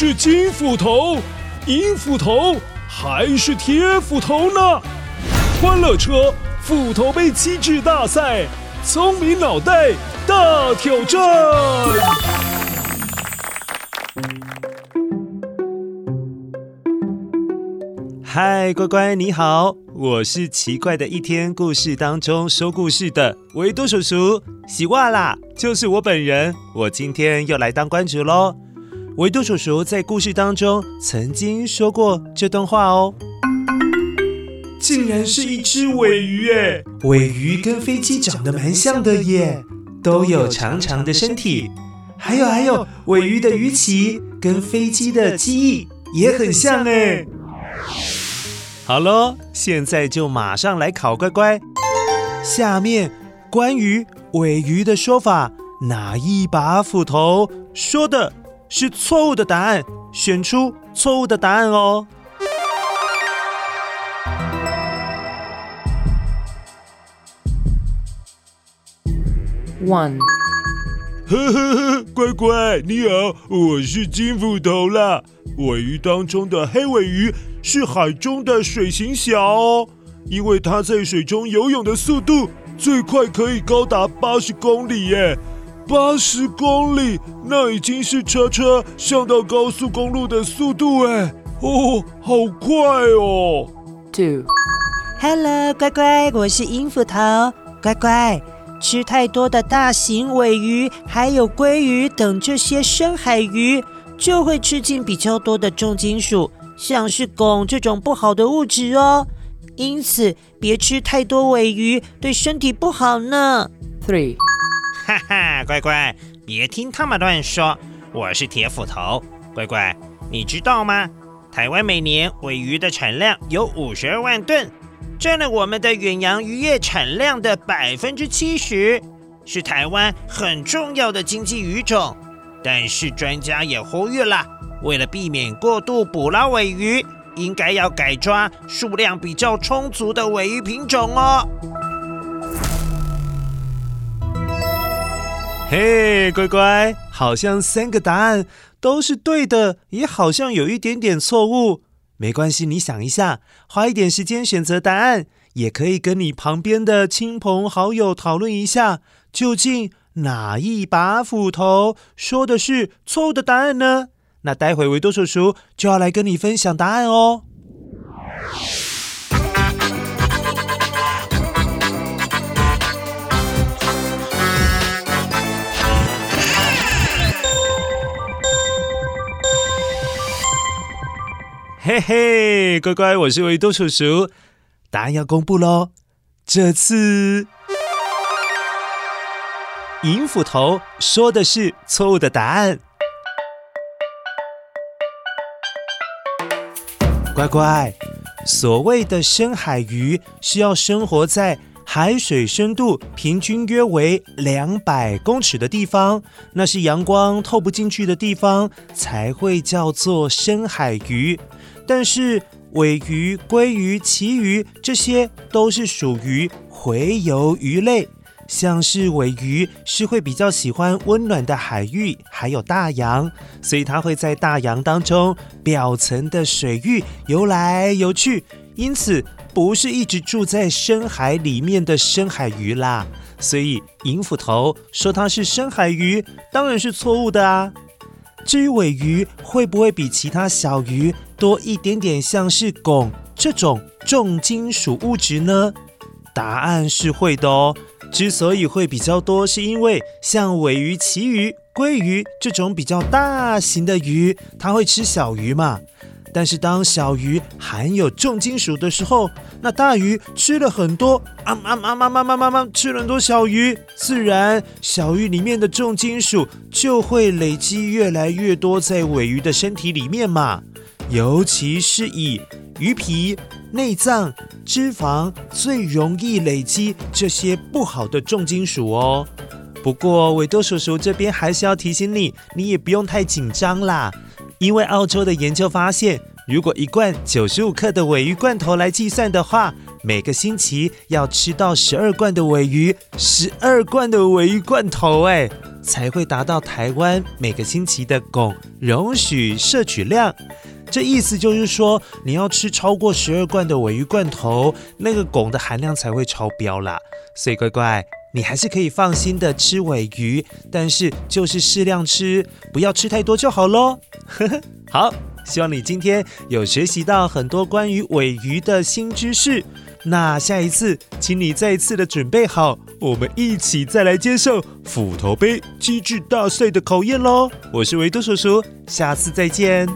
是金斧頭、銀斧頭還是鐵斧頭呢？歡樂車斧頭盃機智大賽，聰明腦袋大挑戰。嗨，乖乖，你好，我是奇怪的一天故事當中說故事的維多叔叔，喜歡啦，就是我本人，我今天又來當關主嘍。維多叔叔在故事當中曾經說過這段話哦，竟然是一隻鮪魚誒，鮪魚跟飛機長得蠻像的耶，都有長長的身體，還有還有，鮪魚的魚鰭跟飛機的機翼也很像哎。好嘍，現在就馬上來考乖乖，下面關於鮪魚的說法，哪一把斧頭說的是錯誤的答案，選出錯誤的答案哦。One，呵呵呵，乖乖，你好，我是金斧頭啦。鮪魚當中的黑鮪魚是海中的水行俠哦，因為它在水中游泳的速度最快可以高達八十公里耶。八十公里，那已經是車車上到高速公路的速度哎！哦，好快哦！Two，hello，乖乖，我是鷹斧頭。乖乖，吃太多的大型鮪魚，還有鮭魚等這些深海魚，就會吃進比較多的重金屬，像是汞這種不好的物質哦。因此，別吃太多鮪魚，對身體不好呢。Three。哈哈，乖乖，別聽他們亂說，我是鐵斧頭。乖乖，你知道嗎？台灣每年鮪魚的產量有五十二萬噸，占了我們的遠洋漁業產量的百分之七十，是台灣很重要的經濟魚種。但是專家也呼籲了，為了避免過度捕撈鮪魚，應該要改抓數量比較充足的鮪魚品種哦。嘿，hey, 乖乖，好像三個答案都是對的，也好像有一點點錯誤。沒關係，你想一下，花一點時間選擇答案，也可以跟你旁邊的親朋好友討論一下，究竟哪一把斧頭說的是錯誤的答案呢？那待會維多叔叔就要來跟你分享答案哦。嘿嘿，乖乖，我是維多叔叔，答案要公布嘍。這次銀斧頭說的是錯誤的答案。乖乖，所謂的深海魚是要生活在海水深度平均約為兩百公尺的地方，那是陽光透不進去的地方，才會叫做深海魚。但是鮪魚、鮭魚、旗魚這些都是屬於洄游魚類，像是鮪魚是會比較喜歡溫暖的海域，還有大洋，所以它會在大洋當中表層的水域游來游去，因此不是一直住在深海裡面的深海魚啦。所以銀斧頭說它是深海魚，當然是錯誤的啊。至於鮪魚會不會比其他小魚多一點點，像是汞這種重金屬物質呢？答案是會的哦。之所以會比較多，是因為像鮪魚、旗魚、鮭魚這種比較大型的魚，它會吃小魚嘛。但是當小魚含有重金屬的時候，那大魚吃了很多，啊啊啊啊啊啊啊啊，吃了很多小魚，自然小魚裡面的重金屬就會累積越來越多在鮪魚的身體裡面嘛。尤其是以魚皮、內臟、脂肪最容易累積這些不好的重金屬哦。不過維多叔叔這邊還是要提醒你，你也不用太緊張啦。因為澳洲的研究發現，如果一罐九十五克的鮪魚罐頭來計算的話，每個星期要吃到十二罐的鮪魚，十二罐的鮪魚罐頭，哎，才會達到台灣每個星期的汞容許攝取量。這意思就是說，你要吃超過十二罐的鮪魚罐頭，那個汞的含量才會超標啦。所以乖乖。你還是可以放心的吃鮪魚，但是就是適量吃，不要吃太多就好嘍。 好，希望你今天有學習到很多關於鮪魚的新知識。那下一次，請你再一次的準備好，我們一起再來接受斧頭盃機智大賽的考驗嘍。我是維多叔叔，下次再見。